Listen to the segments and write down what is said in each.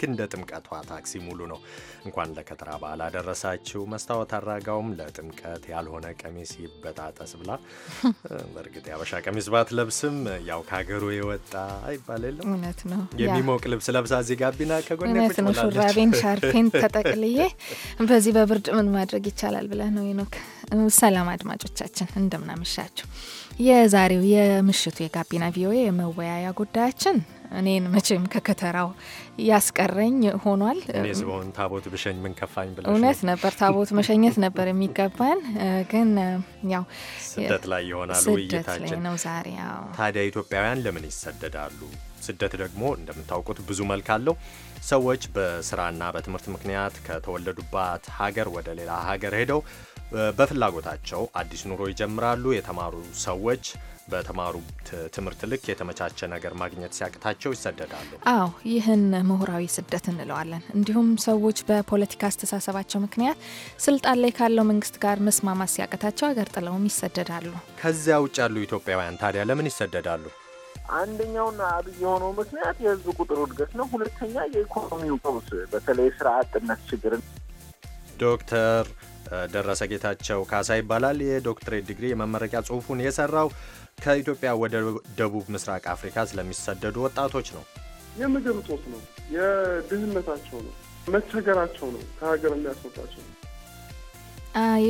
ልክ እንደ ጥምቀቷ ታክሲ ሙሉ ነው። እንኳን ለከተራ በዓል አደረሳችሁ። መስታወት አራጋውም ለጥምቀት ያልሆነ ቀሚስ ይበጣጠስ ብላ በእርግጥ ያበሻ ቀሚስ ባትለብስም ያው ከሀገሩ የወጣ አይባል የለም እውነት ነው። የሚሞቅ ልብስ ለብሳ እዚህ ጋቢና ከጎኔ እውነት ነው። ሹራቤን ሻርፔን ተጠቅልዬ በዚህ በብርድ ምን ማድረግ ይቻላል ብለህ ነው ኖክ። ሰላም አድማጮቻችን እንደምናመሻችሁ። የዛሬው የምሽቱ የጋቢና ቪኦኤ የመወያያ ጉዳያችን እኔን መቼም ከከተራው ያስቀረኝ ሆኗል። ዝቦን ታቦት ብሸኝ ምን ከፋኝ እውነት ነበር። ታቦት መሸኘት ነበር የሚገባን፣ ግን ያው ስደት ላይ ይሆናል ውይይታችን ነው ዛሬ። ታዲያ ኢትዮጵያውያን ለምን ይሰደዳሉ? ስደት ደግሞ እንደምታውቁት ብዙ መልክ አለው። ሰዎች በስራና በትምህርት ምክንያት ከተወለዱባት ሀገር ወደ ሌላ ሀገር ሄደው በፍላጎታቸው አዲስ ኑሮ ይጀምራሉ። የተማሩ ሰዎች በተማሩ ትምህርት ልክ የተመቻቸ ነገር ማግኘት ሲያቅታቸው ይሰደዳሉ። አዎ ይህን ምሁራዊ ስደት እንለዋለን። እንዲሁም ሰዎች በፖለቲካ አስተሳሰባቸው ምክንያት ስልጣን ላይ ካለው መንግስት ጋር መስማማት ሲያቅታቸው አገር ጥለውም ይሰደዳሉ። ከዚያ ውጭ ያሉ ኢትዮጵያውያን ታዲያ ለምን ይሰደዳሉ? አንደኛውና አብይ የሆነው ምክንያት የህዝብ ቁጥር ውድገት ነው። ሁለተኛ የኢኮኖሚው ቀውስ፣ በተለይ ስራ አጥነት ችግርን ዶክተር ደረሰ ጌታቸው ካሳ ይባላል። የዶክትሬት ዲግሪ የመመረቂያ ጽሁፉን የሰራው ከኢትዮጵያ ወደ ደቡብ ምስራቅ አፍሪካ ስለሚሰደዱ ወጣቶች ነው። የምግብ እጦት ነው፣ የድህነታቸው ነው፣ መቸገራቸው ነው ከሀገር የሚያስወጣቸው ነው።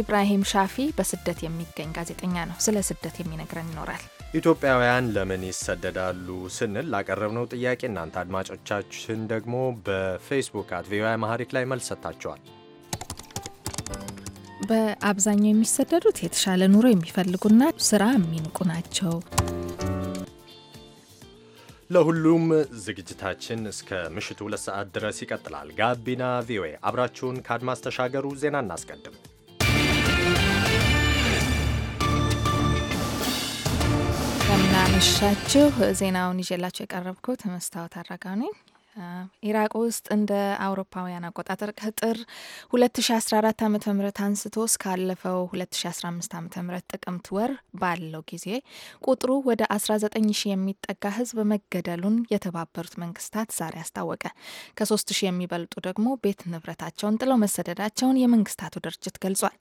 ኢብራሂም ሻፊ በስደት የሚገኝ ጋዜጠኛ ነው። ስለ ስደት የሚነግረን ይኖራል። ኢትዮጵያውያን ለምን ይሰደዳሉ ስንል ላቀረብነው ጥያቄ እናንተ አድማጮቻችን ደግሞ በፌስቡክ አት ቪኦኤ ማህሪክ ላይ መልስ ሰጥታችኋል። በአብዛኛው የሚሰደዱት የተሻለ ኑሮ የሚፈልጉና ስራ የሚንቁ ናቸው። ለሁሉም ዝግጅታችን እስከ ምሽቱ ሁለት ሰዓት ድረስ ይቀጥላል። ጋቢና ቪኦኤ አብራችሁን ከአድማስ ተሻገሩ። ዜና እናስቀድም። ከምናመሻችሁ ዜናውን ይዤላቸው የቀረብኩት መስታወት አድራጋው ነኝ። ኢራቅ ውስጥ እንደ አውሮፓውያን አቆጣጠር ከጥር 2014 ዓ ም አንስቶ እስካለፈው 2015 ዓ ም ጥቅምት ወር ባለው ጊዜ ቁጥሩ ወደ 19 ሺ የሚጠጋ ሕዝብ መገደሉን የተባበሩት መንግስታት ዛሬ አስታወቀ። ከ3 የሚበልጡ ደግሞ ቤት ንብረታቸውን ጥለው መሰደዳቸውን የመንግስታቱ ድርጅት ገልጿል።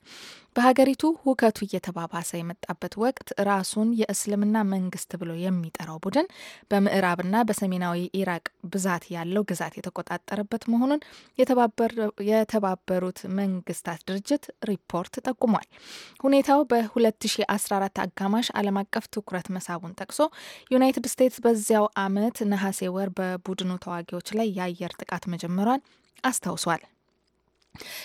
በሀገሪቱ ሁከቱ እየተባባሰ የመጣበት ወቅት ራሱን የእስልምና መንግስት ብሎ የሚጠራው ቡድን በምዕራብና በሰሜናዊ ኢራቅ ብዛት ያለው ግዛት የተቆጣጠረበት መሆኑን የተባበሩት መንግስታት ድርጅት ሪፖርት ጠቁሟል። ሁኔታው በ2014 አጋማሽ ዓለም አቀፍ ትኩረት መሳቡን ጠቅሶ ዩናይትድ ስቴትስ በዚያው ዓመት ነሐሴ ወር በቡድኑ ተዋጊዎች ላይ የአየር ጥቃት መጀመሯን አስታውሷል።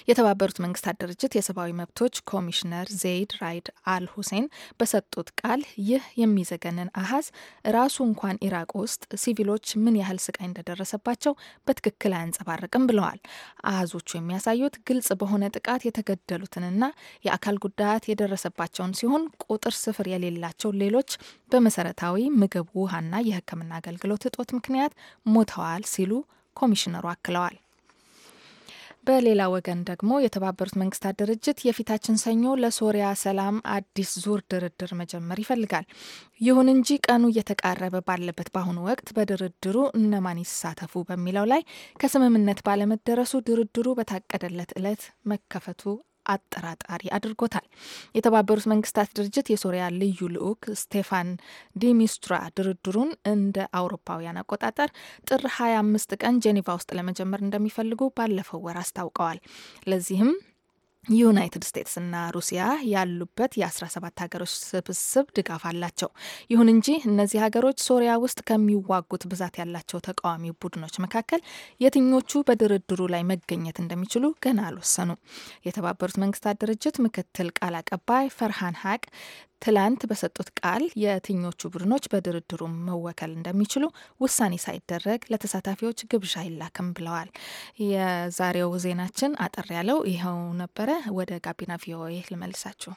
የተባበሩት መንግስታት ድርጅት የሰብአዊ መብቶች ኮሚሽነር ዘይድ ራይድ አል ሁሴን በሰጡት ቃል ይህ የሚዘገንን አሀዝ ራሱ እንኳን ኢራቅ ውስጥ ሲቪሎች ምን ያህል ስቃይ እንደደረሰባቸው በትክክል አያንጸባርቅም ብለዋል። አሀዞቹ የሚያሳዩት ግልጽ በሆነ ጥቃት የተገደሉትንና የአካል ጉዳት የደረሰባቸውን ሲሆን ቁጥር ስፍር የሌላቸው ሌሎች በመሰረታዊ ምግብ፣ ውሃና የሕክምና አገልግሎት እጦት ምክንያት ሞተዋል ሲሉ ኮሚሽነሩ አክለዋል። በሌላ ወገን ደግሞ የተባበሩት መንግስታት ድርጅት የፊታችን ሰኞ ለሶሪያ ሰላም አዲስ ዙር ድርድር መጀመር ይፈልጋል። ይሁን እንጂ ቀኑ እየተቃረበ ባለበት በአሁኑ ወቅት በድርድሩ እነማን ይሳተፉ በሚለው ላይ ከስምምነት ባለመደረሱ ድርድሩ በታቀደለት ዕለት መከፈቱ አጠራጣሪ አድርጎታል። የተባበሩት መንግስታት ድርጅት የሶሪያ ልዩ ልዑክ ስቴፋን ዲሚስትራ ድርድሩን እንደ አውሮፓውያን አቆጣጠር ጥር 25 ቀን ጄኔቫ ውስጥ ለመጀመር እንደሚፈልጉ ባለፈው ወር አስታውቀዋል። ለዚህም ዩናይትድ ስቴትስ እና ሩሲያ ያሉበት የ17 ሀገሮች ስብስብ ድጋፍ አላቸው። ይሁን እንጂ እነዚህ ሀገሮች ሶሪያ ውስጥ ከሚዋጉት ብዛት ያላቸው ተቃዋሚ ቡድኖች መካከል የትኞቹ በድርድሩ ላይ መገኘት እንደሚችሉ ገና አልወሰኑም። የተባበሩት መንግስታት ድርጅት ምክትል ቃል አቀባይ ፈርሃን ሀቅ ትላንት በሰጡት ቃል የትኞቹ ቡድኖች በድርድሩ መወከል እንደሚችሉ ውሳኔ ሳይደረግ ለተሳታፊዎች ግብዣ አይላክም ብለዋል። የዛሬው ዜናችን አጠር ያለው ይኸው ነበረ። ወደ ጋቢና ቪኦኤ ልመልሳችሁ።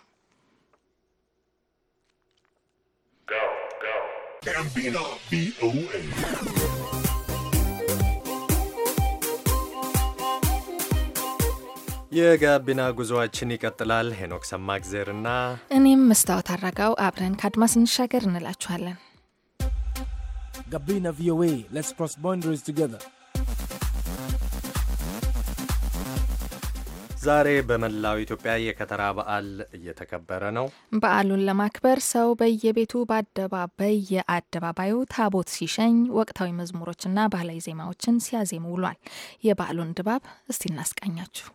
ጋቢና ቪኦኤ የጋቢና ጉዞአችን ይቀጥላል። ሄኖክ ሰማግዜርና እኔም መስታወት አረጋው አብረን ከአድማስ እንሻገር እንላችኋለን። ጋቢና ቪኦኤ ሌትስ ክሮስ ቦንደሪስ ቱጌዘር ዛሬ በመላው ኢትዮጵያ የከተራ በዓል እየተከበረ ነው። በዓሉን ለማክበር ሰው በየቤቱ በየአደባባዩ ታቦት ሲሸኝ፣ ወቅታዊ መዝሙሮችና ባህላዊ ዜማዎችን ሲያዜሙ ውሏል። የበዓሉን ድባብ እስቲ እናስቃኛችሁ።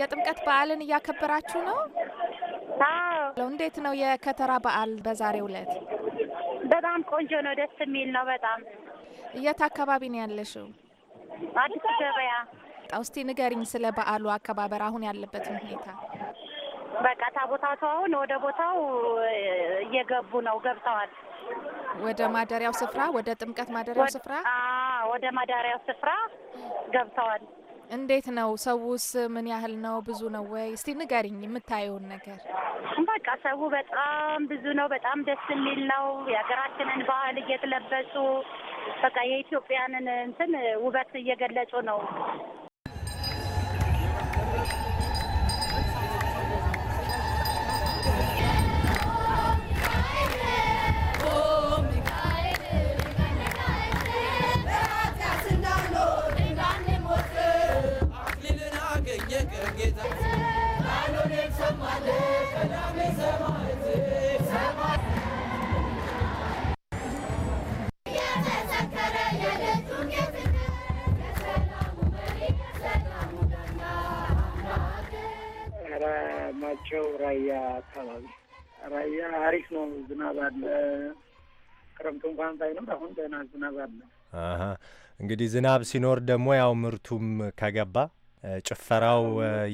የጥምቀት በዓልን እያከበራችሁ ነው? አዎ። እንዴት ነው የከተራ በዓል በዛሬው ዕለት? በጣም ቆንጆ ነው። ደስ የሚል ነው በጣም። የት አካባቢ ነው ያለሽው? አዲስ ገበያ። እስቲ ንገሪኝ ስለ በዓሉ አከባበር አሁን ያለበትን ሁኔታ። በቃ ታቦታቱ አሁን ወደ ቦታው እየገቡ ነው፣ ገብተዋል ወደ ማደሪያው ስፍራ፣ ወደ ጥምቀት ማደሪያው ስፍራ፣ ወደ ማደሪያው ስፍራ ገብተዋል። እንዴት ነው ሰውስ? ምን ያህል ነው? ብዙ ነው ወይ? እስቲ ንገሪኝ የምታየውን ነገር። በቃ ሰው በጣም ብዙ ነው። በጣም ደስ የሚል ነው። የሀገራችንን ባህል እየተለበሱ በቃ የኢትዮጵያንን እንትን ውበት እየገለጹ ነው። ሳይኖር አሁን ገና ዝናብ አለ። እንግዲህ ዝናብ ሲኖር ደግሞ ያው ምርቱም ከገባ ጭፈራው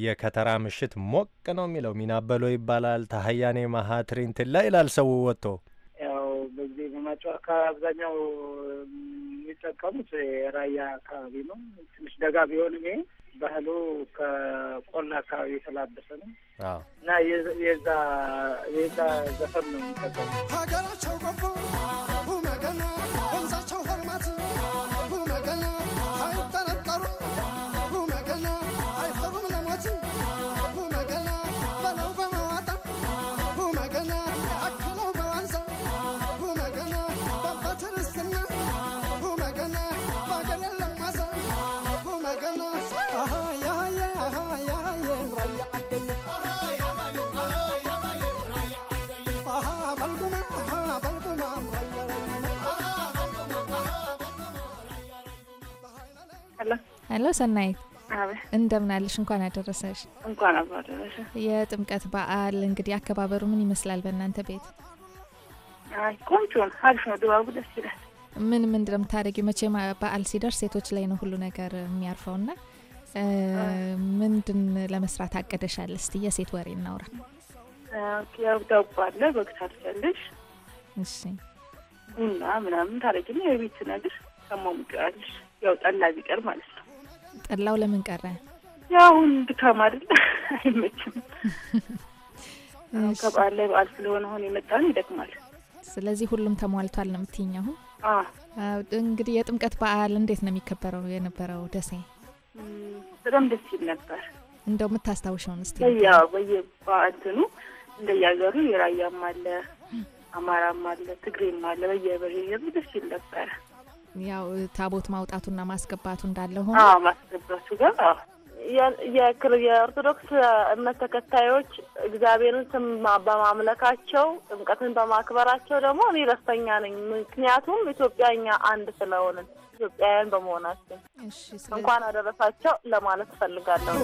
የከተራ ምሽት ሞቅ ነው የሚለው። ሚናበሎ ይባላል። ታህያኔ ማሀትሪን ትላ ይላል ሰው ወጥቶ ያው በዚህ በማጮ አካባቢ አብዛኛው የሚጠቀሙት የራያ አካባቢ ነው። ትንሽ ደጋ ቢሆንም ይሄ ባህሉ ከቆላ አካባቢ የተላበሰ ነው እና የዛ የዛ ዘፈን ነው የሚጠቀሙት ሀገራቸው ሄሎ ሰናይት እንደምናለሽ እንኳን አደረሰሽ። እንኳን አደረሰ። የጥምቀት በዓል እንግዲህ አከባበሩ ምን ይመስላል በእናንተ ቤት? ቆንጆ አሪፍ ነው፣ ድባቡ ደስ ይላል። ምን ምን እንደምታደርጊው መቼ በዓል ሲደርስ ሴቶች ላይ ነው ሁሉ ነገር የሚያርፈው ና ምንድን ለመስራት አቀደሻል? እስቲ የሴት ወሬ እናውራ። ያው ዳቦ አለ፣ በግ ታርጃለሽ፣ እሺ፣ ቡና ምናምን ታረጊና የቤት ነገር ከማሙቂያለሽ፣ ያው ጠላ ቢቀር ማለት ነው ጠላው ለምን ቀረ? ያሁን ድካም አይደለ አይመችም። ከበዓል ላይ በዓል ስለሆነ አሁን የመጣን ይደክማል። ስለዚህ ሁሉም ተሟልቷል ነው የምትይኝ? አሁን እንግዲህ የጥምቀት በዓል እንዴት ነው የሚከበረው የነበረው ደሴ? በጣም ደስ ይል ነበር። እንደው የምታስታውሸውን እስኪ። ያ በየበዓልትኑ እንደያገሩ የራያም አለ አማራም አለ ትግሬም አለ በየብሔሩ ደስ ይል ነበረ። ያው ታቦት ማውጣቱና ማስገባቱ እንዳለ ሆኖ ማስገባቱ ግን የኦርቶዶክስ እምነት ተከታዮች እግዚአብሔርን ስም በማምለካቸው ጥምቀትን በማክበራቸው ደግሞ እኔ ደስተኛ ነኝ። ምክንያቱም ኢትዮጵያኛ አንድ ስለሆንን ኢትዮጵያውያን በመሆናችን እንኳን አደረሳቸው ለማለት እፈልጋለሁ።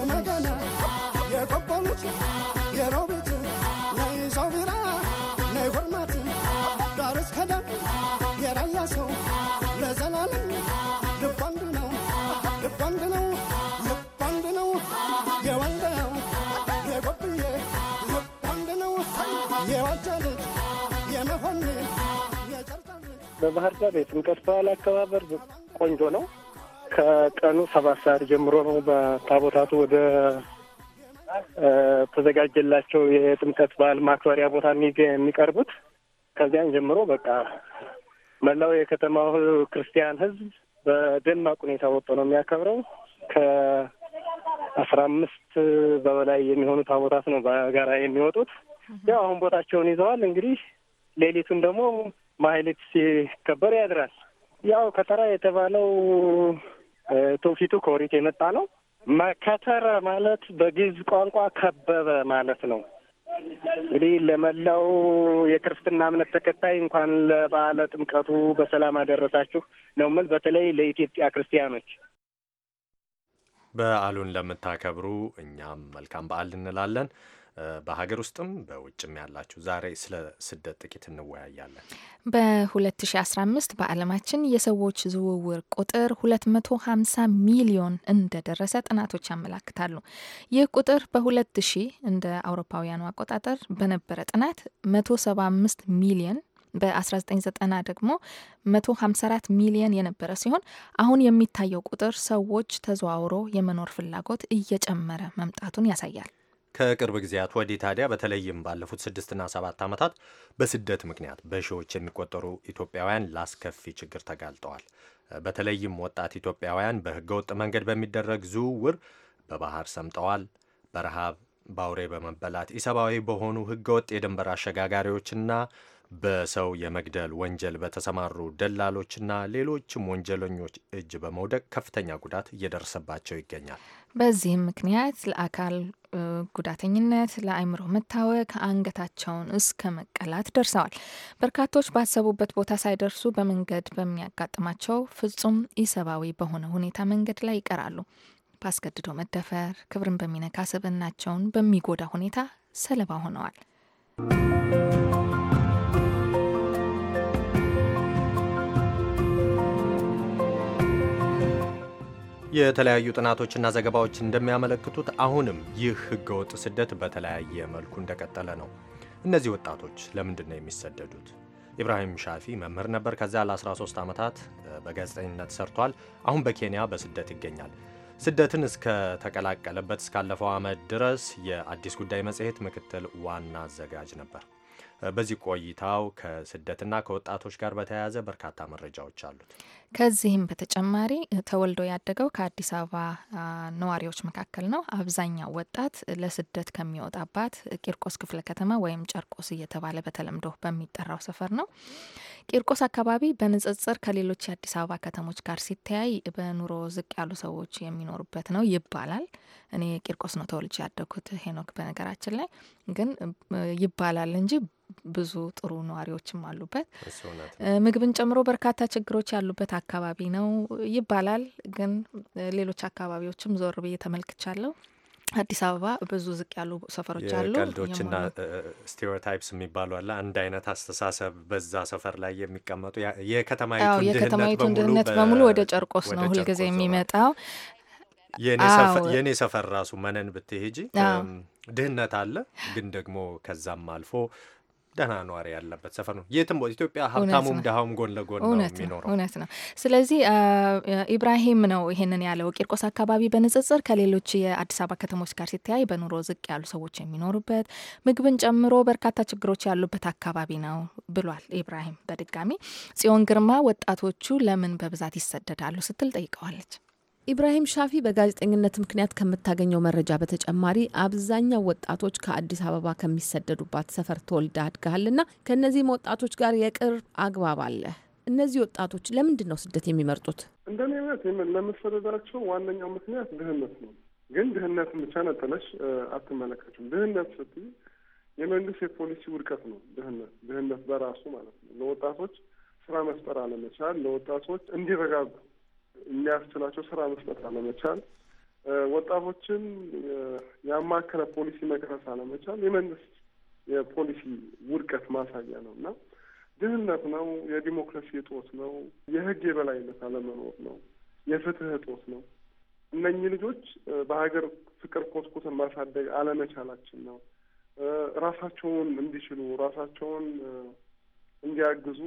በባህር ዳር የጥምቀት በዓል አከባበር ቆንጆ ነው። ከቀኑ ሰባት ሰዓት ጀምሮ ነው በታቦታቱ ወደ ተዘጋጀላቸው የጥምቀት በዓል ማክበሪያ ቦታ የሚቀርቡት። ከዚያን ጀምሮ በቃ መላው የከተማው ክርስቲያን ሕዝብ በደማቅ ሁኔታ ወጥቶ ነው የሚያከብረው። ከአስራ አምስት በበላይ የሚሆኑ ታቦታት ነው በጋራ የሚወጡት። ያው አሁን ቦታቸውን ይዘዋል። እንግዲህ ሌሊቱን ደግሞ ማህሌት ሲከበር ያድራል። ያው ከተራ የተባለው ትውፊቱ ከኦሪት የመጣ ነው። መከተረ ማለት በግዕዝ ቋንቋ ከበበ ማለት ነው። እንግዲህ ለመላው የክርስትና እምነት ተከታይ እንኳን ለበዓለ ጥምቀቱ በሰላም አደረሳችሁ ነው የምል። በተለይ ለኢትዮጵያ ክርስቲያኖች በዓሉን ለምታከብሩ እኛም መልካም በዓል እንላለን። በሀገር ውስጥም በውጭም ያላችሁ ዛሬ ስለ ስደት ጥቂት እንወያያለን። በ2015 በዓለማችን የሰዎች ዝውውር ቁጥር 250 ሚሊዮን እንደደረሰ ጥናቶች ያመላክታሉ። ይህ ቁጥር በ2000 እንደ አውሮፓውያኑ አቆጣጠር በነበረ ጥናት 175 ሚሊዮን በ1990 ደግሞ 154 ሚሊየን የነበረ ሲሆን አሁን የሚታየው ቁጥር ሰዎች ተዘዋውሮ የመኖር ፍላጎት እየጨመረ መምጣቱን ያሳያል። ከቅርብ ጊዜያት ወዲህ ታዲያ በተለይም ባለፉት ስድስትና ሰባት ዓመታት በስደት ምክንያት በሺዎች የሚቆጠሩ ኢትዮጵያውያን ላስከፊ ችግር ተጋልጠዋል። በተለይም ወጣት ኢትዮጵያውያን በህገወጥ መንገድ በሚደረግ ዝውውር በባህር ሰምጠዋል። በረሃብ ባውሬ በመበላት ኢሰብአዊ በሆኑ ህገወጥ የድንበር አሸጋጋሪዎችና በሰው የመግደል ወንጀል በተሰማሩ ደላሎችና ሌሎችም ወንጀለኞች እጅ በመውደቅ ከፍተኛ ጉዳት እየደረሰባቸው ይገኛል። በዚህም ምክንያት ለአካል ጉዳተኝነት፣ ለአእምሮ መታወክ፣ አንገታቸውን እስከ መቀላት ደርሰዋል። በርካቶች ባሰቡበት ቦታ ሳይደርሱ በመንገድ በሚያጋጥማቸው ፍጹም ኢሰብአዊ በሆነ ሁኔታ መንገድ ላይ ይቀራሉ። በአስገድዶ መደፈር፣ ክብርን በሚነካ ስብዕናቸውን በሚጎዳ ሁኔታ ሰለባ ሆነዋል። የተለያዩ ጥናቶችና ዘገባዎች እንደሚያመለክቱት አሁንም ይህ ህገወጥ ስደት በተለያየ መልኩ እንደቀጠለ ነው። እነዚህ ወጣቶች ለምንድን ነው የሚሰደዱት? ኢብራሂም ሻፊ መምህር ነበር። ከዚያ ለ13 ዓመታት በጋዜጠኝነት ሰርቷል። አሁን በኬንያ በስደት ይገኛል። ስደትን እስከተቀላቀለበት እስካለፈው ዓመት ድረስ የአዲስ ጉዳይ መጽሔት ምክትል ዋና አዘጋጅ ነበር። በዚህ ቆይታው ከስደትና ከወጣቶች ጋር በተያያዘ በርካታ መረጃዎች አሉት። ከዚህም በተጨማሪ ተወልዶ ያደገው ከአዲስ አበባ ነዋሪዎች መካከል ነው። አብዛኛው ወጣት ለስደት ከሚወጣባት ቂርቆስ ክፍለ ከተማ ወይም ጨርቆስ እየተባለ በተለምዶ በሚጠራው ሰፈር ነው። ቂርቆስ አካባቢ በንጽጽር ከሌሎች የአዲስ አበባ ከተሞች ጋር ሲተያይ በኑሮ ዝቅ ያሉ ሰዎች የሚኖሩበት ነው ይባላል። እኔ ቂርቆስ ነው ተወልጄ ያደግኩት ሄኖክ። በነገራችን ላይ ግን ይባላል እንጂ ብዙ ጥሩ ነዋሪዎችም አሉበት። ምግብን ጨምሮ በርካታ ችግሮች ያሉበት አካባቢ ነው ይባላል። ግን ሌሎች አካባቢዎችም ዞር ብዬ ተመልክቻለሁ። አዲስ አበባ ብዙ ዝቅ ያሉ ሰፈሮች አሉ። ቀልዶችና ስቴሪዮታይፕስ የሚባሉ አለ። አንድ አይነት አስተሳሰብ በዛ ሰፈር ላይ የሚቀመጡ የከተማይቱን ድህነት በሙሉ ወደ ጨርቆስ ነው ሁልጊዜ የሚመጣው። የእኔ ሰፈር ራሱ መነን ብትሄጂ ድህነት አለ፣ ግን ደግሞ ከዛም አልፎ ደህና ነዋሪ ያለበት ሰፈር ነው። የትም ኢትዮጵያ ሀብታሙም ድሃውም ጎን ለጎን ነው የሚኖረው። እውነት ነው። ስለዚህ ኢብራሂም ነው ይሄንን ያለው። ቂርቆስ አካባቢ በንጽጽር ከሌሎች የአዲስ አበባ ከተሞች ጋር ሲተያይ በኑሮ ዝቅ ያሉ ሰዎች የሚኖሩበት ምግብን ጨምሮ በርካታ ችግሮች ያሉበት አካባቢ ነው ብሏል ኢብራሂም። በድጋሚ ጽዮን ግርማ ወጣቶቹ ለምን በብዛት ይሰደዳሉ ስትል ጠይቀዋለች። ኢብራሂም ሻፊ በጋዜጠኝነት ምክንያት ከምታገኘው መረጃ በተጨማሪ አብዛኛው ወጣቶች ከአዲስ አበባ ከሚሰደዱባት ሰፈር ተወልዳ አድገሃልና ከእነዚህም ወጣቶች ጋር የቅርብ አግባብ አለ። እነዚህ ወጣቶች ለምንድን ነው ስደት የሚመርጡት? እንደኔ እምነት ለመሰደዳቸው ዋነኛው ምክንያት ድህነት ነው። ግን ድህነትን ብቻ ነጥለሽ አትመለከችም። ድህነት ስትይ የመንግስት የፖሊሲ ውድቀት ነው። ድህነት ድህነት በራሱ ማለት ነው ለወጣቶች ስራ መፍጠር አለመቻል፣ ለወጣቶች እንዲረጋጉ የሚያስችላቸው ስራ መስጠት አለመቻል፣ ወጣቶችን ያማከለ ፖሊሲ መቅረስ አለመቻል የመንግስት የፖሊሲ ውድቀት ማሳያ ነው እና ድህነት ነው፣ የዲሞክራሲ እጦት ነው፣ የህግ የበላይነት አለመኖር ነው፣ የፍትህ እጦት ነው። እነኚህ ልጆች በሀገር ፍቅር ኮትኩተን ማሳደግ አለመቻላችን ነው። ራሳቸውን እንዲችሉ ራሳቸውን እንዲያግዙ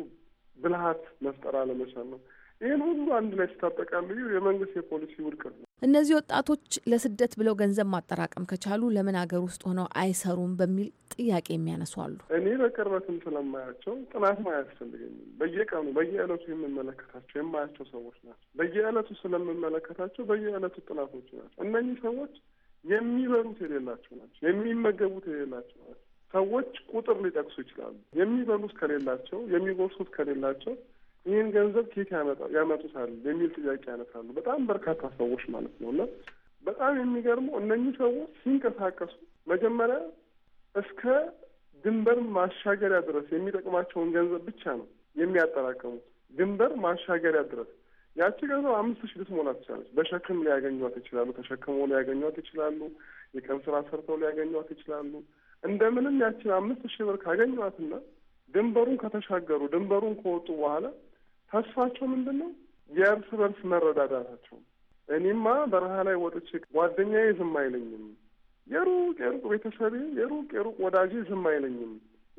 ብልሃት መፍጠር አለመቻል ነው። ይህን ሁሉ አንድ ላይ ስታጠቃልዩ የመንግስት የፖሊሲ ውድቀት ነው። እነዚህ ወጣቶች ለስደት ብለው ገንዘብ ማጠራቀም ከቻሉ ለምን ሀገር ውስጥ ሆነው አይሰሩም በሚል ጥያቄ የሚያነሱ አሉ። እኔ በቅርበትም ስለማያቸው ጥናት አያስፈልገኝም። በየቀኑ በየዕለቱ የምመለከታቸው የማያቸው ሰዎች ናቸው። በየዕለቱ ስለምመለከታቸው በየዕለቱ ጥናቶች ናቸው። እነኚህ ሰዎች የሚበሉት የሌላቸው ናቸው። የሚመገቡት የሌላቸው ናቸው። ሰዎች ቁጥር ሊጠቅሱ ይችላሉ። የሚበሉት ከሌላቸው፣ የሚጎርሱት ከሌላቸው ይህን ገንዘብ ኬት ያመጡታል የሚል ጥያቄ ያነሳሉ። በጣም በርካታ ሰዎች ማለት ነው። እና በጣም የሚገርመው እነኚህ ሰዎች ሲንቀሳቀሱ መጀመሪያ እስከ ድንበር ማሻገሪያ ድረስ የሚጠቅማቸውን ገንዘብ ብቻ ነው የሚያጠራቀሙት። ድንበር ማሻገሪያ ድረስ ያቺ ገንዘብ አምስት ሺህ ልትሞላ ትችላለች። በሸክም ሊያገኟት ይችላሉ። ተሸክመው ሊያገኟት ይችላሉ። የቀን ስራ ሰርተው ሊያገኟት ይችላሉ። እንደምንም ያችን አምስት ሺህ ብር ካገኟትና ድንበሩን ከተሻገሩ ድንበሩን ከወጡ በኋላ ተስፋቸው ምንድን ነው? የእርስ በርስ መረዳዳታቸው። እኔማ በረሃ ላይ ወጥቼ ጓደኛዬ ዝም አይለኝም፣ የሩቅ የሩቅ ቤተሰቤ፣ የሩቅ የሩቅ ወዳጄ ዝም አይለኝም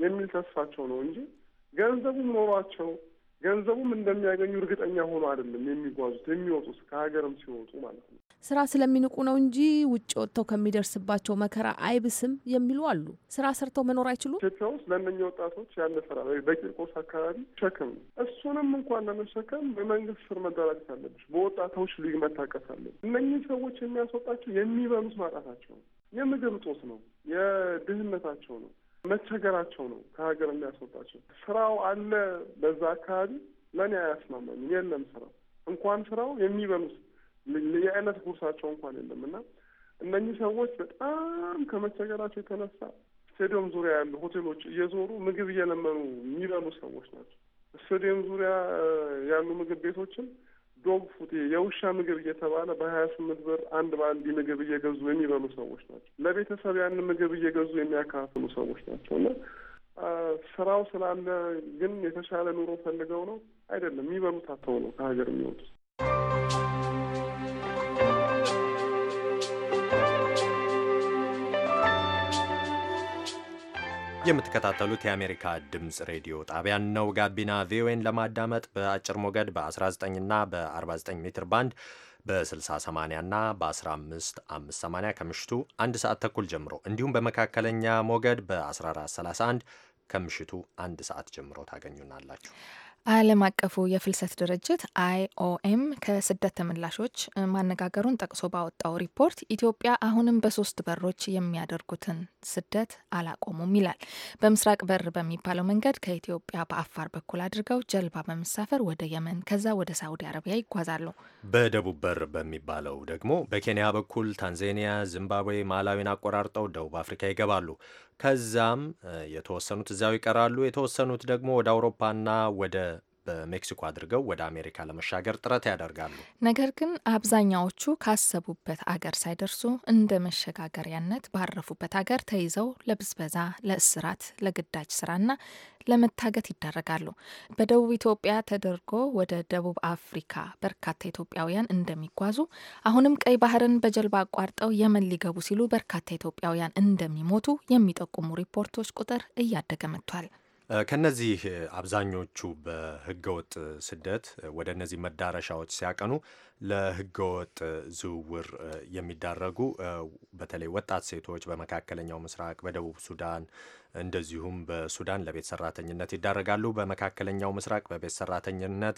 የሚል ተስፋቸው ነው እንጂ ገንዘቡም ኖሯቸው ገንዘቡም እንደሚያገኙ እርግጠኛ ሆኖ አይደለም የሚጓዙት የሚወጡት ከሀገርም ሲወጡ ማለት ነው። ስራ ስለሚንቁ ነው እንጂ ውጭ ወጥተው ከሚደርስባቸው መከራ አይብስም የሚሉ አሉ። ስራ ሰርተው መኖር አይችሉም። ኢትዮጵያ ውስጥ ለእነኛ ወጣቶች ያለ ስራ በቂርቆስ አካባቢ ሸክም ነው። እሱንም እንኳን ለመሸከም በመንግስት ስር መደራጀት አለብሽ። በወጣቶች ሊግ መታቀስ አለብሽ። እነኚህ ሰዎች የሚያስወጣቸው የሚበሉት ማጣታቸው ነው፣ የምግብ እጦት ነው፣ የድህነታቸው ነው፣ መቸገራቸው ነው ከሀገር የሚያስወጣቸው። ስራው አለ በዛ አካባቢ ለእኔ አያስማማኝም። የለም ስራው እንኳን ስራው የሚበሉት የዕለት ጉርሳቸው እንኳን የለም እና እነኚህ ሰዎች በጣም ከመቸገራቸው የተነሳ ስቴዲየም ዙሪያ ያሉ ሆቴሎች እየዞሩ ምግብ እየለመኑ የሚበሉ ሰዎች ናቸው። ስቴዲየም ዙሪያ ያሉ ምግብ ቤቶችን ዶግ ፉት የውሻ ምግብ እየተባለ በሀያ ስምንት ብር አንድ በአንድ ምግብ እየገዙ የሚበሉ ሰዎች ናቸው። ለቤተሰብ ያን ምግብ እየገዙ የሚያካፍሉ ሰዎች ናቸው እና ስራው ስላለ ግን የተሻለ ኑሮ ፈልገው ነው አይደለም የሚበሉት አተው ነው ከሀገር የሚወጡት። የምትከታተሉት የአሜሪካ ድምፅ ሬዲዮ ጣቢያን ነው። ጋቢና ቪኦኤን ለማዳመጥ በአጭር ሞገድ በ19 እና በ49 ሜትር ባንድ በ6080 እና በ15580 ከምሽቱ አንድ ሰዓት ተኩል ጀምሮ እንዲሁም በመካከለኛ ሞገድ በ1431 ከምሽቱ አንድ ሰዓት ጀምሮ ታገኙናላችሁ። ዓለም አቀፉ የፍልሰት ድርጅት አይኦኤም ከስደት ተመላሾች ማነጋገሩን ጠቅሶ ባወጣው ሪፖርት ኢትዮጵያ አሁንም በሶስት በሮች የሚያደርጉትን ስደት አላቆሙም ይላል። በምስራቅ በር በሚባለው መንገድ ከኢትዮጵያ በአፋር በኩል አድርገው ጀልባ በመሳፈር ወደ የመን ከዛ ወደ ሳውዲ አረቢያ ይጓዛሉ። በደቡብ በር በሚባለው ደግሞ በኬንያ በኩል ታንዛኒያ፣ ዚምባብዌ፣ ማላዊን አቆራርጠው ደቡብ አፍሪካ ይገባሉ። ከዛም የተወሰኑት እዚያው ይቀራሉ። የተወሰኑት ደግሞ ወደ አውሮፓና ወደ በሜክሲኮ አድርገው ወደ አሜሪካ ለመሻገር ጥረት ያደርጋሉ። ነገር ግን አብዛኛዎቹ ካሰቡበት አገር ሳይደርሱ እንደ መሸጋገሪያነት ባረፉበት አገር ተይዘው ለብዝበዛ፣ ለእስራት፣ ለግዳጅ ስራና ለመታገት ይዳረጋሉ። በደቡብ ኢትዮጵያ ተደርጎ ወደ ደቡብ አፍሪካ በርካታ ኢትዮጵያውያን እንደሚጓዙ አሁንም ቀይ ባህርን በጀልባ አቋርጠው የመን ሊገቡ ሲሉ በርካታ ኢትዮጵያውያን እንደሚሞቱ የሚጠቁሙ ሪፖርቶች ቁጥር እያደገ መጥቷል። ከነዚህ አብዛኞቹ በህገወጥ ስደት ወደ እነዚህ መዳረሻዎች ሲያቀኑ ለህገወጥ ዝውውር የሚዳረጉ በተለይ ወጣት ሴቶች በመካከለኛው ምስራቅ፣ በደቡብ ሱዳን እንደዚሁም በሱዳን ለቤት ሰራተኝነት ይዳረጋሉ። በመካከለኛው ምስራቅ በቤት ሰራተኝነት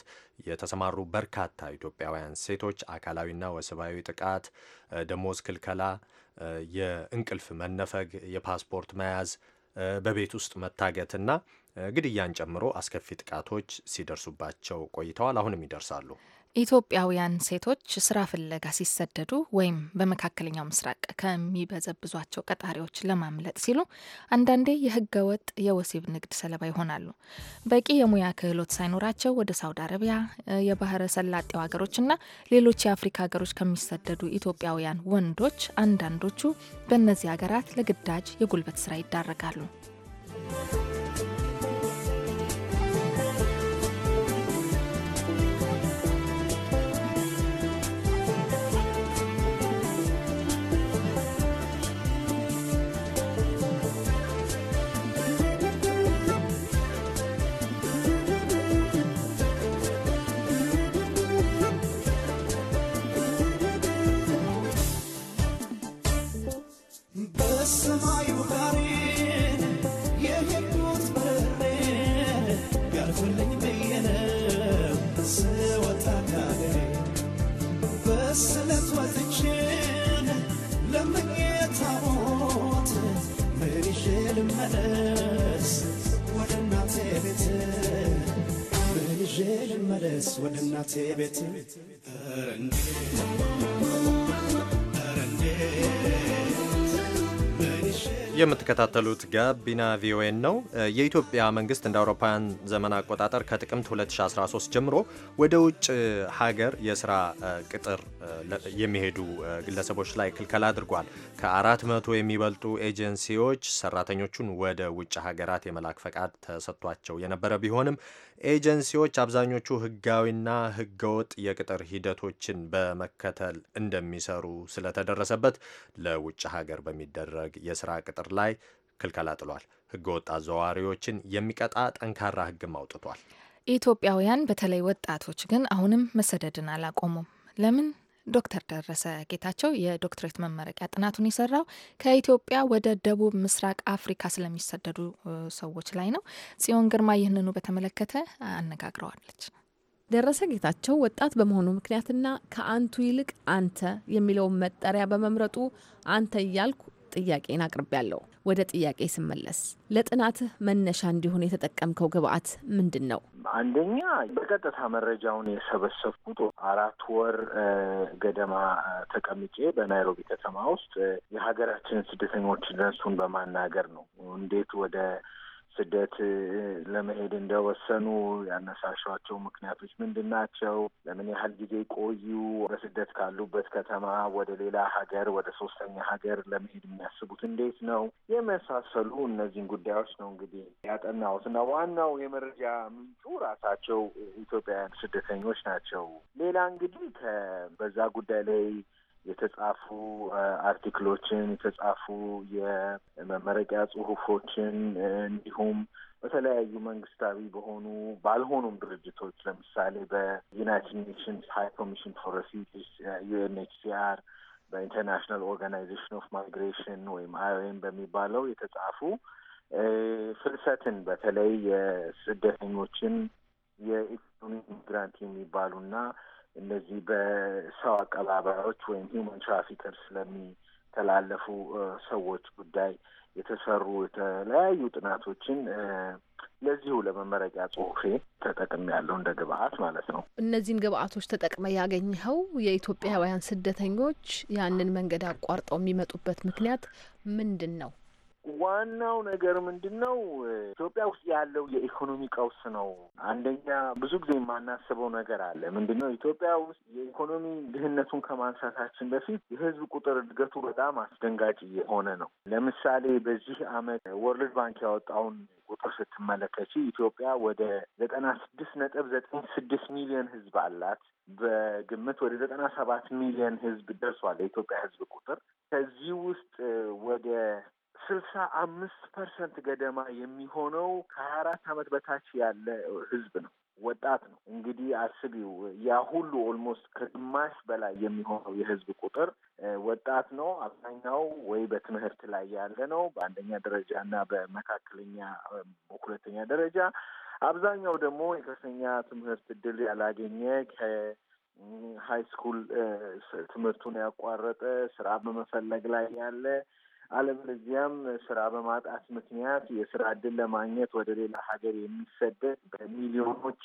የተሰማሩ በርካታ ኢትዮጵያውያን ሴቶች አካላዊና ወሲባዊ ጥቃት፣ ደሞዝ ክልከላ፣ የእንቅልፍ መነፈግ፣ የፓስፖርት መያዝ በቤት ውስጥ መታገትና ግድያን ጨምሮ አስከፊ ጥቃቶች ሲደርሱባቸው ቆይተዋል። አሁንም ይደርሳሉ። ኢትዮጵያውያን ሴቶች ስራ ፍለጋ ሲሰደዱ ወይም በመካከለኛው ምስራቅ ከሚበዘብዟቸው ቀጣሪዎች ለማምለጥ ሲሉ አንዳንዴ የህገ ወጥ የወሲብ ንግድ ሰለባ ይሆናሉ። በቂ የሙያ ክህሎት ሳይኖራቸው ወደ ሳውዲ አረቢያ፣ የባህረ ሰላጤው ሀገሮችና ሌሎች የአፍሪካ ሀገሮች ከሚሰደዱ ኢትዮጵያውያን ወንዶች አንዳንዶቹ በእነዚህ ሀገራት ለግዳጅ የጉልበት ስራ ይዳረጋሉ። activity የምትከታተሉት ጋቢና ቪኦኤ ነው። የኢትዮጵያ መንግስት እንደ አውሮፓውያን ዘመን አቆጣጠር ከጥቅምት 2013 ጀምሮ ወደ ውጭ ሀገር የስራ ቅጥር የሚሄዱ ግለሰቦች ላይ ክልከላ አድርጓል። ከአራት መቶ የሚበልጡ ኤጀንሲዎች ሰራተኞቹን ወደ ውጭ ሀገራት የመላክ ፈቃድ ተሰጥቷቸው የነበረ ቢሆንም ኤጀንሲዎች አብዛኞቹ ህጋዊና ህገወጥ የቅጥር ሂደቶችን በመከተል እንደሚሰሩ ስለተደረሰበት ለውጭ ሀገር በሚደረግ የስራ ቅጥር ዝውውር ላይ ክልከላ ጥሏል። ህገወጥ አዘዋዋሪዎችን የሚቀጣ ጠንካራ ህግም አውጥቷል። ኢትዮጵያውያን በተለይ ወጣቶች ግን አሁንም መሰደድን አላቆሙም። ለምን? ዶክተር ደረሰ ጌታቸው የዶክትሬት መመረቂያ ጥናቱን የሰራው ከኢትዮጵያ ወደ ደቡብ ምስራቅ አፍሪካ ስለሚሰደዱ ሰዎች ላይ ነው። ጽዮን ግርማ ይህንኑ በተመለከተ አነጋግረዋለች። ደረሰ ጌታቸው ወጣት በመሆኑ ምክንያትና ከአንቱ ይልቅ አንተ የሚለውን መጠሪያ በመምረጡ አንተ እያልኩ ጥያቄን አቅርቤያለሁ። ወደ ጥያቄ ስመለስ ለጥናትህ መነሻ እንዲሆን የተጠቀምከው ግብአት ምንድን ነው? አንደኛ በቀጥታ መረጃውን የሰበሰብኩት አራት ወር ገደማ ተቀምጬ በናይሮቢ ከተማ ውስጥ የሀገራችንን ስደተኞች እነሱን በማናገር ነው እንዴት ወደ ስደት ለመሄድ እንደወሰኑ ያነሳሻቸው ምክንያቶች ምንድን ናቸው? ለምን ያህል ጊዜ ቆዩ? በስደት ካሉበት ከተማ ወደ ሌላ ሀገር ወደ ሶስተኛ ሀገር ለመሄድ የሚያስቡት እንዴት ነው? የመሳሰሉ እነዚህን ጉዳዮች ነው እንግዲህ ያጠናሁት እና ዋናው የመረጃ ምንጩ ራሳቸው ኢትዮጵያውያን ስደተኞች ናቸው። ሌላ እንግዲህ በዛ ጉዳይ ላይ የተጻፉ አርቲክሎችን፣ የተጻፉ የመመረቂያ ጽሁፎችን እንዲሁም በተለያዩ መንግስታዊ በሆኑ ባልሆኑም ድርጅቶች ለምሳሌ በዩናይትድ ኔሽንስ ሀይ ኮሚሽን ፎር ሬፊውጂስ ዩኤንኤችሲአር በኢንተርናሽናል ኦርጋናይዜሽን ኦፍ ማይግሬሽን ወይም አይኦኤም በሚባለው የተጻፉ ፍልሰትን በተለይ የስደተኞችን የኢኮኖሚ ሚግራንት የሚባሉና እነዚህ በሰው አቀባባዮች ወይም ሂውማን ትራፊከር ስለሚተላለፉ ሰዎች ጉዳይ የተሰሩ የተለያዩ ጥናቶችን ለዚሁ ለመመረቂያ ጽሁፌ ተጠቅሜ ያለው እንደ ግብአት ማለት ነው። እነዚህን ግብአቶች ተጠቅመ ያገኘኸው የኢትዮጵያውያን ስደተኞች ያንን መንገድ አቋርጠው የሚመጡበት ምክንያት ምንድን ነው? ዋናው ነገር ምንድን ነው? ኢትዮጵያ ውስጥ ያለው የኢኮኖሚ ቀውስ ነው። አንደኛ ብዙ ጊዜ የማናስበው ነገር አለ። ምንድን ነው? ኢትዮጵያ ውስጥ የኢኮኖሚ ድህነቱን ከማንሳታችን በፊት የህዝብ ቁጥር እድገቱ በጣም አስደንጋጭ የሆነ ነው። ለምሳሌ በዚህ አመት ወርልድ ባንክ ያወጣውን ቁጥር ስትመለከች ኢትዮጵያ ወደ ዘጠና ስድስት ነጥብ ዘጠኝ ስድስት ሚሊዮን ህዝብ አላት። በግምት ወደ ዘጠና ሰባት ሚሊዮን ህዝብ ደርሷል የኢትዮጵያ ህዝብ ቁጥር። ከዚህ ውስጥ ወደ ስልሳ አምስት ፐርሰንት ገደማ የሚሆነው ከሀያ አራት ዓመት በታች ያለ ህዝብ ነው። ወጣት ነው። እንግዲህ አስቢው ያ ሁሉ ኦልሞስት ከግማሽ በላይ የሚሆነው የህዝብ ቁጥር ወጣት ነው። አብዛኛው ወይ በትምህርት ላይ ያለ ነው በአንደኛ ደረጃ እና በመካከለኛ በሁለተኛ ደረጃ፣ አብዛኛው ደግሞ የከፍተኛ ትምህርት እድል ያላገኘ ከሀይ ስኩል ትምህርቱን ያቋረጠ ስራ በመፈለግ ላይ ያለ አለበለዚያም ስራ በማጣት ምክንያት የስራ እድል ለማግኘት ወደ ሌላ ሀገር የሚሰደድ በሚሊዮኖች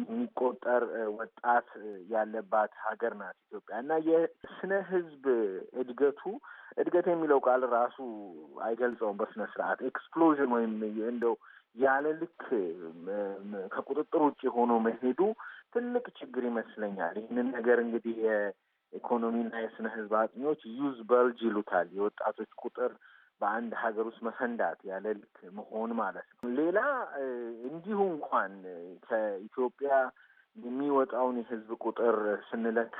የሚቆጠር ወጣት ያለባት ሀገር ናት ኢትዮጵያ እና የስነ ህዝብ እድገቱ እድገት የሚለው ቃል ራሱ አይገልጸውም በስነ ስርዓት ኤክስፕሎዥን ወይም እንደው ያለ ልክ ከቁጥጥር ውጭ ሆኖ መሄዱ ትልቅ ችግር ይመስለኛል። ይህንን ነገር እንግዲህ ኢኮኖሚና የስነ ህዝብ አጥኚዎች ዩዝ በልጅ ይሉታል። የወጣቶች ቁጥር በአንድ ሀገር ውስጥ መሰንዳት ያለ ልክ መሆን ማለት ነው። ሌላ እንዲሁ እንኳን ከኢትዮጵያ የሚወጣውን የህዝብ ቁጥር ስንለካ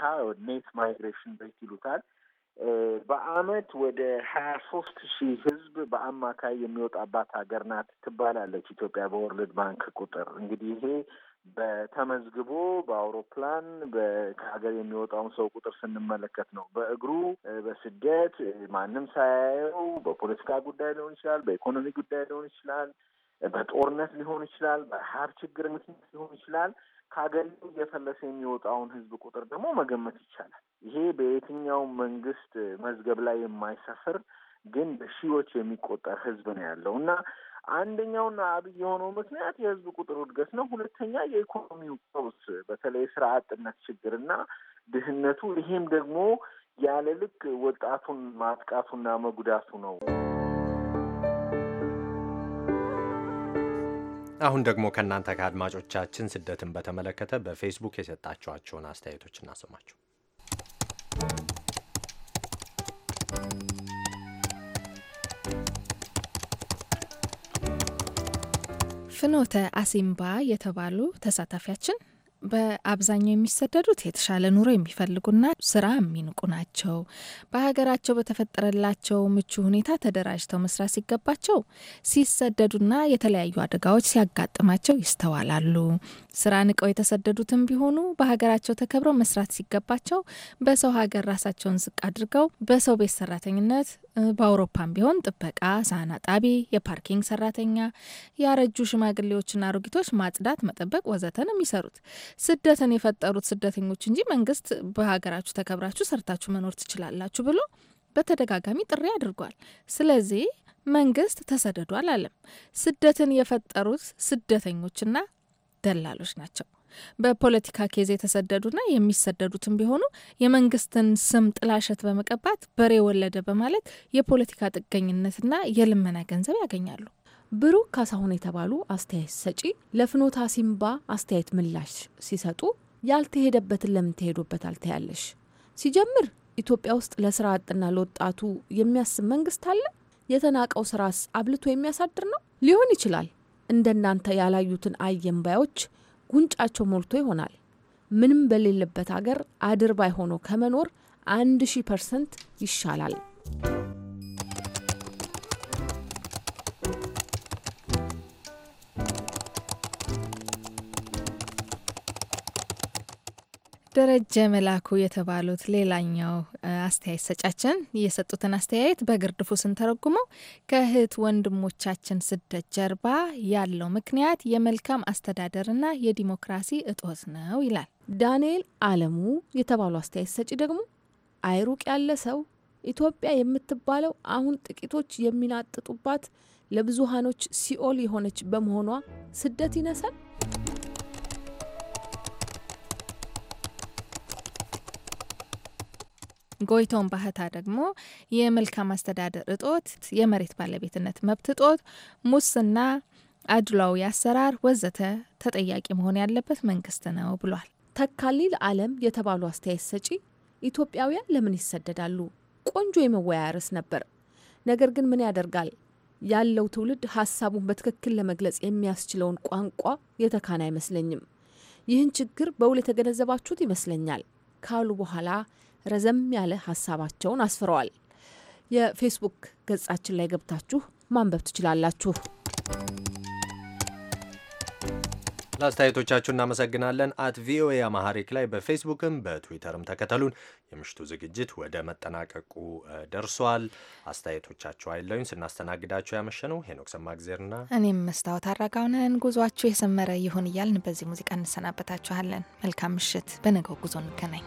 ኔት ማይግሬሽን ሬት ይሉታል። በአመት ወደ ሀያ ሶስት ሺህ ህዝብ በአማካይ የሚወጣባት ሀገር ናት ትባላለች ኢትዮጵያ በወርልድ ባንክ ቁጥር። እንግዲህ ይሄ በተመዝግቦ በአውሮፕላን ከሀገር የሚወጣውን ሰው ቁጥር ስንመለከት ነው። በእግሩ በስደት ማንም ሳያየው በፖለቲካ ጉዳይ ሊሆን ይችላል፣ በኢኮኖሚ ጉዳይ ሊሆን ይችላል፣ በጦርነት ሊሆን ይችላል፣ በረሀብ ችግር ምክንያት ሊሆን ይችላል። ከሀገር እየፈለሰ የሚወጣውን ህዝብ ቁጥር ደግሞ መገመት ይቻላል። ይሄ በየትኛው መንግስት መዝገብ ላይ የማይሰፍር ግን በሺዎች የሚቆጠር ህዝብ ነው ያለው እና አንደኛውና አብይ የሆነው ምክንያት የህዝብ ቁጥር እድገት ነው። ሁለተኛ የኢኮኖሚው ቀውስ በተለይ ስራ አጥነት ችግርና ድህነቱ፣ ይሄም ደግሞ ያለ ልክ ወጣቱን ማጥቃቱና መጉዳቱ ነው። አሁን ደግሞ ከእናንተ ከአድማጮቻችን ስደትን በተመለከተ በፌስቡክ የሰጣችኋቸውን አስተያየቶች እናሰማችሁ። ፍኖተ አሲምባ የተባሉ ተሳታፊያችን በአብዛኛው የሚሰደዱት የተሻለ ኑሮ የሚፈልጉና ስራ የሚንቁ ናቸው። በሀገራቸው በተፈጠረላቸው ምቹ ሁኔታ ተደራጅተው መስራት ሲገባቸው ሲሰደዱና የተለያዩ አደጋዎች ሲያጋጥማቸው ይስተዋላሉ። ስራ ንቀው የተሰደዱትም ቢሆኑ በሀገራቸው ተከብረው መስራት ሲገባቸው በሰው ሀገር ራሳቸውን ዝቅ አድርገው በሰው ቤት ሰራተኝነት በአውሮፓም ቢሆን ጥበቃ፣ ሳህን አጣቢ፣ የፓርኪንግ ሰራተኛ፣ ያረጁ ሽማግሌዎችና አሮጊቶች ማጽዳት፣ መጠበቅ ወዘተን የሚሰሩት ስደትን የፈጠሩት ስደተኞች እንጂ መንግስት በሀገራችሁ ተከብራችሁ ሰርታችሁ መኖር ትችላላችሁ ብሎ በተደጋጋሚ ጥሪ አድርጓል። ስለዚህ መንግስት ተሰደዱ አላለም። ስደትን የፈጠሩት ስደተኞችና ደላሎች ናቸው። በፖለቲካ ኬዝ የተሰደዱና የሚሰደዱትም ቢሆኑ የመንግስትን ስም ጥላሸት በመቀባት በሬ ወለደ በማለት የፖለቲካ ጥገኝነትና የልመና ገንዘብ ያገኛሉ። ብሩክ ካሳሁን የተባሉ አስተያየት ሰጪ ለፍኖታ ሲምባ አስተያየት ምላሽ ሲሰጡ ያልተሄደበትን ለምን ተሄዶበት አልተያለሽ? ሲጀምር ኢትዮጵያ ውስጥ ለስራ አጥና ለወጣቱ የሚያስብ መንግስት አለ? የተናቀው ስራስ አብልቶ የሚያሳድር ነው? ሊሆን ይችላል። እንደናንተ ያላዩትን አየን ባዮች ጉንጫቸው ሞልቶ ይሆናል። ምንም በሌለበት አገር አድርባይ ሆኖ ከመኖር አንድ ሺህ ፐርሰንት ይሻላል። ደረጀ መላኩ የተባሉት ሌላኛው አስተያየት ሰጫችን የሰጡትን አስተያየት በግርድፉ ስንተረጉመው ከእህት ወንድሞቻችን ስደት ጀርባ ያለው ምክንያት የመልካም አስተዳደርና የዲሞክራሲ እጦት ነው ይላል። ዳንኤል አለሙ የተባሉ አስተያየት ሰጪ ደግሞ አይሩቅ ያለ ሰው ኢትዮጵያ የምትባለው አሁን ጥቂቶች የሚናጥጡባት ለብዙሃኖች ሲኦል የሆነች በመሆኗ ስደት ይነሳል ጎይቶም ባህታ ደግሞ የመልካም አስተዳደር እጦት፣ የመሬት ባለቤትነት መብት እጦት፣ ሙስና፣ አድሏዊ አሰራር ወዘተ ተጠያቂ መሆን ያለበት መንግስት ነው ብሏል። ተካሊል አለም የተባሉ አስተያየት ሰጪ ኢትዮጵያውያን ለምን ይሰደዳሉ? ቆንጆ የመወያያ ርዕስ ነበር። ነገር ግን ምን ያደርጋል ያለው ትውልድ ሀሳቡን በትክክል ለመግለጽ የሚያስችለውን ቋንቋ የተካን አይመስለኝም። ይህን ችግር በውል የተገነዘባችሁት ይመስለኛል ካሉ በኋላ ረዘም ያለ ሀሳባቸውን አስፍረዋል። የፌስቡክ ገጻችን ላይ ገብታችሁ ማንበብ ትችላላችሁ። ለአስተያየቶቻችሁ እናመሰግናለን። አት ቪኦኤ አማሐሪክ ላይ በፌስቡክም በትዊተርም ተከተሉን። የምሽቱ ዝግጅት ወደ መጠናቀቁ ደርሷል። አስተያየቶቻችሁ አይለዩን። ስናስተናግዳችሁ ያመሸነው ሄኖክ ሰማግዜርና እኔም መስታወት አረጋውነን። ጉዟችሁ የሰመረ ይሁን እያልን በዚህ ሙዚቃ እንሰናበታችኋለን። መልካም ምሽት። በነገው ጉዞ እንገናኝ።